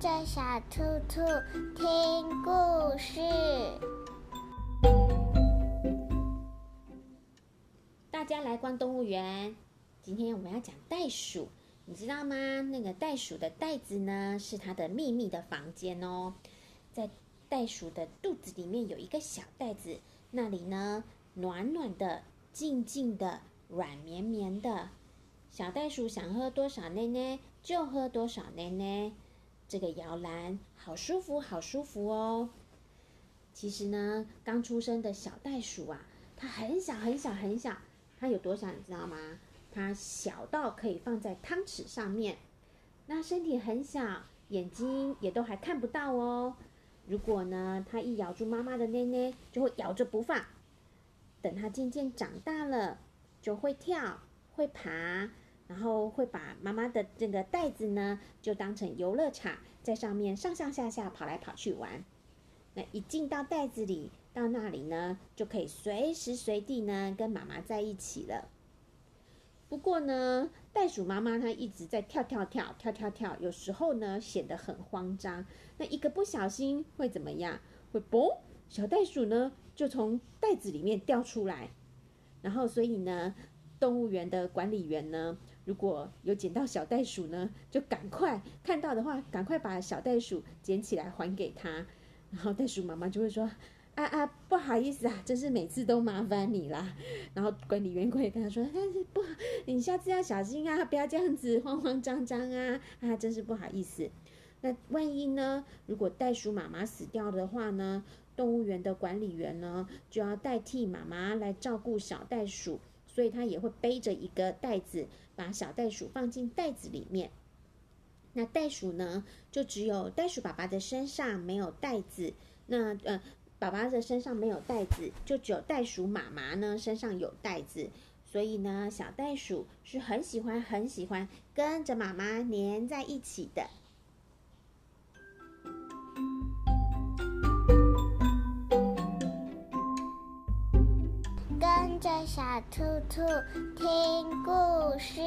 叫小兔兔聽故事。大家來逛動物園。今天我們要講袋鼠，你知道嗎？那個袋鼠的袋子呢，是它的秘密的房間哦。在袋鼠的肚子裡面有一個小袋子，那裡呢暖暖的、靜靜的、軟綿綿的。小袋鼠想喝多少奶奶就喝多少奶奶。這個搖籃好舒服，好舒服哦。其實呢，剛出生的小袋鼠啊，它很小很小很小，它有多小你知道嗎？它小到可以放在湯匙上面。那身體很小，眼睛也都還看不到哦。如果呢，它一咬住媽媽的奶奶，就會咬着不放。等它漸漸長大了，就會跳，會爬。然後會把媽媽的那個袋子呢，就當成遊樂場，在上面上上下下跑來跑去玩。那一進到袋子裡，到那裡呢，就可以隨時隨地呢跟媽媽在一起了。不過呢，袋鼠媽媽它一直在跳跳跳跳跳跳，有時候呢顯得很慌張。那一個不小心會怎麼樣？會啵？小袋鼠呢就從袋子裡面掉出來。然後所以呢，動物園的管理員呢。如果有撿到小袋鼠呢，就趕快看到的話，趕快把小袋鼠撿起來還給他。然後袋鼠媽媽就會說：“啊啊，不好意思啊，真是每次都麻煩你啦。”然後管理員會跟他說：“但是不，你下次要小心啊，不要這樣子慌慌張張啊，啊，真是不好意思。”那萬一呢？如果袋鼠媽媽死掉的話呢，動物園的管理員呢就要代替媽媽來照顧小袋鼠。所以他也會背着一個袋子，把小袋鼠放進袋子裡面。那袋鼠呢，就只有袋鼠爸爸的身上沒有袋子。那呃，爸爸的身上沒有袋子，就只有袋鼠媽媽呢身上有袋子。所以呢，小袋鼠是很喜歡、很喜歡跟着媽媽黏在一起的。跟着小兔兔聽故事。